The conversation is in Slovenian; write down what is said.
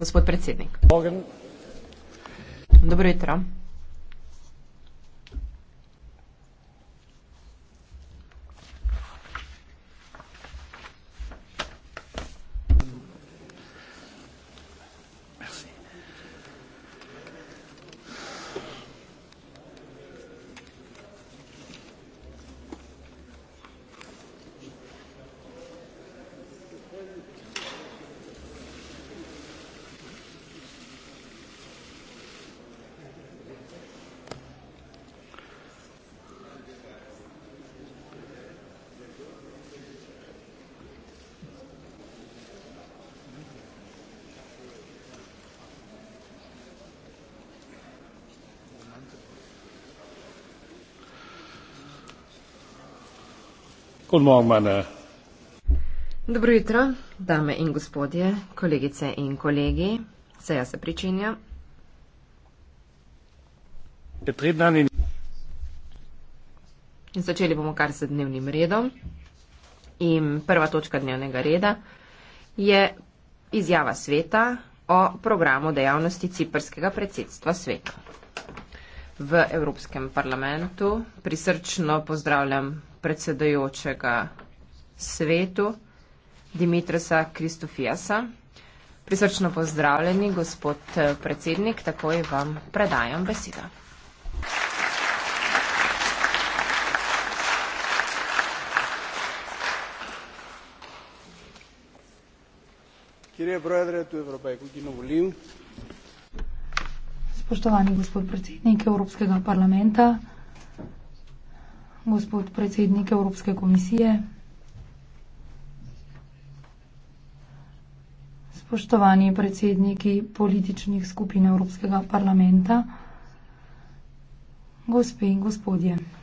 gospod predsednik dobro jutro Dobro jutro, dame in gospodje, kolegice in kolegi. Seja se pričenja. Začeli bomo kar s dnevnim redom. In prva točka dnevnega reda je izjava sveta o programu dejavnosti ciprskega predsedstva sveta. V Evropskem parlamentu prisrčno pozdravljam predsedajočega svetu Dimitrisa Kristofijasa. Prisrčno pozdravljeni, gospod eh, predsednik, takoj vam predajam besedo. Spoštovani gospod predsednik Evropskega parlamenta, gospod predsednik Evropske komisije. Spoštovani predsedniki političnih skupin Evropskega parlamenta, gospe in gospodje.